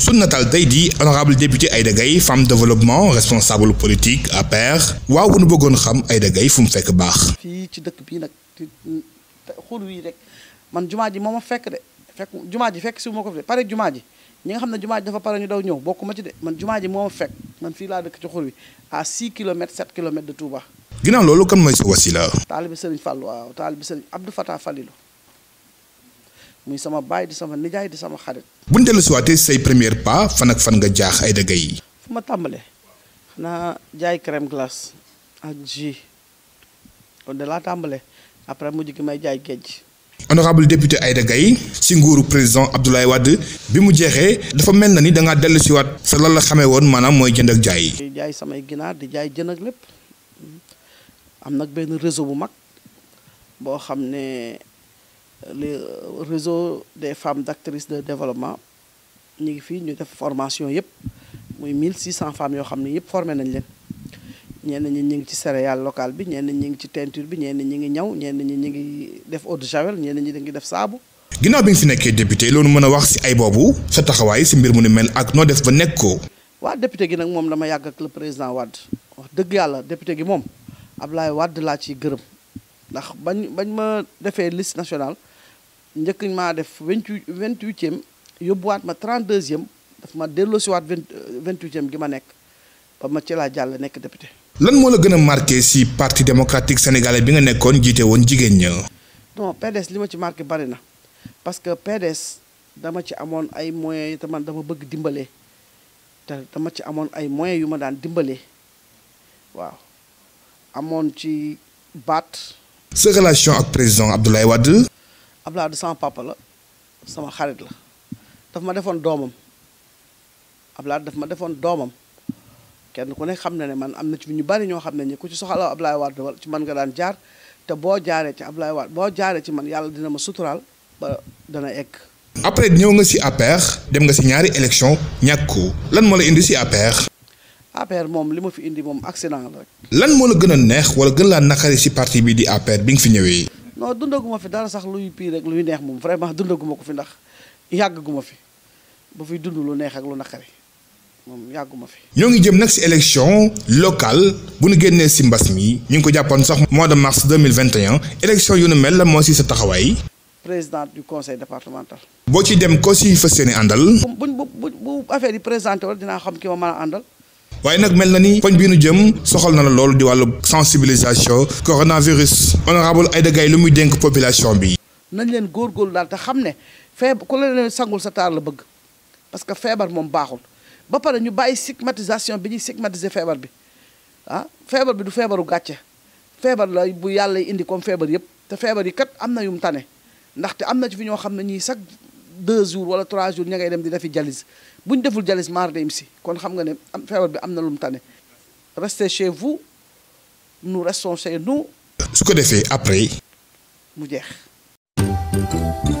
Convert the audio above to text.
su nataal tey di honorable député Aïda Gaye femme développement responsable politique APR waaw bu nu bëggoon xam Aïda Gaye fu mu fekk baax. fii ci dëkk bii nag xur wii rek man jumaa ji moo ma fekk de fekk jumaa ji fekk si ma ko fi de pare jumaa ji ñi nga xam ne jumaa ji dafa pare ñu daw ñëw bokk ma ci de man jumaa ji moo ma fekk man fii laa dëkk ci xur wi à 6 kilomètres 7 kilomètres de Touba. ginnaaw loolu kan mooy sa wasila. taalibi Serigne Fall waaw taalibi Serigne Abdou Fatah Falilou muy sama baay di sama nijaay di sama xarit. bu ñu dellu si waatee say premier pas fan ak fan nga jaax ay dëgg fu ma tàmbalee xanaa jaay crème glace ak jus kon laa tàmbalee après mujj gi may jaay géej. honorable député Aïda Gaye ci nguuru président Abdoulaye wadd bi mu jeexee dafa mel na ni da ngaa dellu si sa lan la xamee woon maanaam mooy jënd ak jaay. di jaay samay ginaar di jaay jën ak lépp. am nag benn réseau bu mag boo xam ne le réseau des femmes d'actrices de développement ñu ngi fii ñu def formation yëpp muy 1600 femmes yoo xam ne yëpp formé nañ leen ñeen ñi ñu ngi ci céréale local bi ñenn ñi ngi ci teinture bi ñenn ñi ngi ñaw ñenn ñi ngi def eau de javel ñenn ñi ngi def saabu. ginnaaw bi nga fi nekkee député loolu mën a wax si ay boobu sa taxawaay si mbir mu ni mel ak noo def ba nekk ko. waa député gi nag moom dama yàgg ak la président Wade wax dëgg yàlla député gi moom. ab Ablaye Wade laa ci gërëm ndax bañ bañ ma defee list national njëkk maa def vingt huit vingt yóbbu waat ma trent deuxième daf ma delloo delloosiwaat vingt euh, vingt huitième gi ma nekk ba ma ci laa jàll nekk député. lan moo la gën a marqué si parti démocratique sénégalais bi nga nekkoon jiite woon jigéen ña. non PDS li ma ci marqué bari na parce que PDS dama ci amoon ay moyen yi te man dama bëgg dimbalee te dama ci amoon ay moyens yu ma daan dimbalee waaw. amoon ci baat. sa relation ak président Abdoulaye Wade. Abdoulaye Wade sama papa sama xarit la daf ma defoon doomam Abdoulaye daf ma defoon doomam kenn ku ne xam ne ne man am na ci ñu bari ñoo xam ne ñi ku ci soxla Abdoulaye Wade ci man nga daan jaar te boo jaaree ci Abdoulaye Wade boo jaaree ci man yàlla dina ma suturaal ba dana egg. après ñëw nga ci APR dem nga ci ñaari élection ñàkk ko lan moo la indi ci APR. APR moom li ma fi indi moom accident la rek. lan moo la gën a neex wala gën laa naqari ci parti bii di APR bi nga fi ñëwee. non dundaguma fi dara sax luy pire rek luy neex moom vraiment dundaguma ko fi ndax yàggaguma fi ba fiy dund lu neex ak lu naqari moom yàgguma fi. ñoo ngi jëm nag ci élection locale bu nu génnee ci mbas mi ñu ngi ko jàppoon sax mois de mars deux mille vingt et un élection mel la moo ci sa taxawaay. président du conseil départemental. boo ci dem ko ci fas àndal. buñ bu bu affaire présenté wala dinaa xam ki ma mën a àndal. waaye nag mel na ni fañ bii nu jëm soxal na la loolu di wàllu sensibilisation coronavirus honorable Aïda Gaye lu muy dénk population bi. nañ leen góorgóorlu daal te xam ne feebar ku la leen sangul sa taar la bëgg parce que feebar moom baaxul ba pare ñu bàyyi stigmatisation bi ñuy stigmatiser feebar bi ah feebar bi du feebaru gàcce feebar la bu yàlla indi koom feebar yëpp te feebar yi kat am na yu mu tane ndaxte am na ci fi ñoo xam ne ñii sax. deux jours wala trois jours ñangay ngay dem di defi jalis bu ñu deful jalis maar dem si kon xam nga ne am feebar bi am na lu mu tane restez chez vous nous restons chez nous. su ko defee après. mu jeex.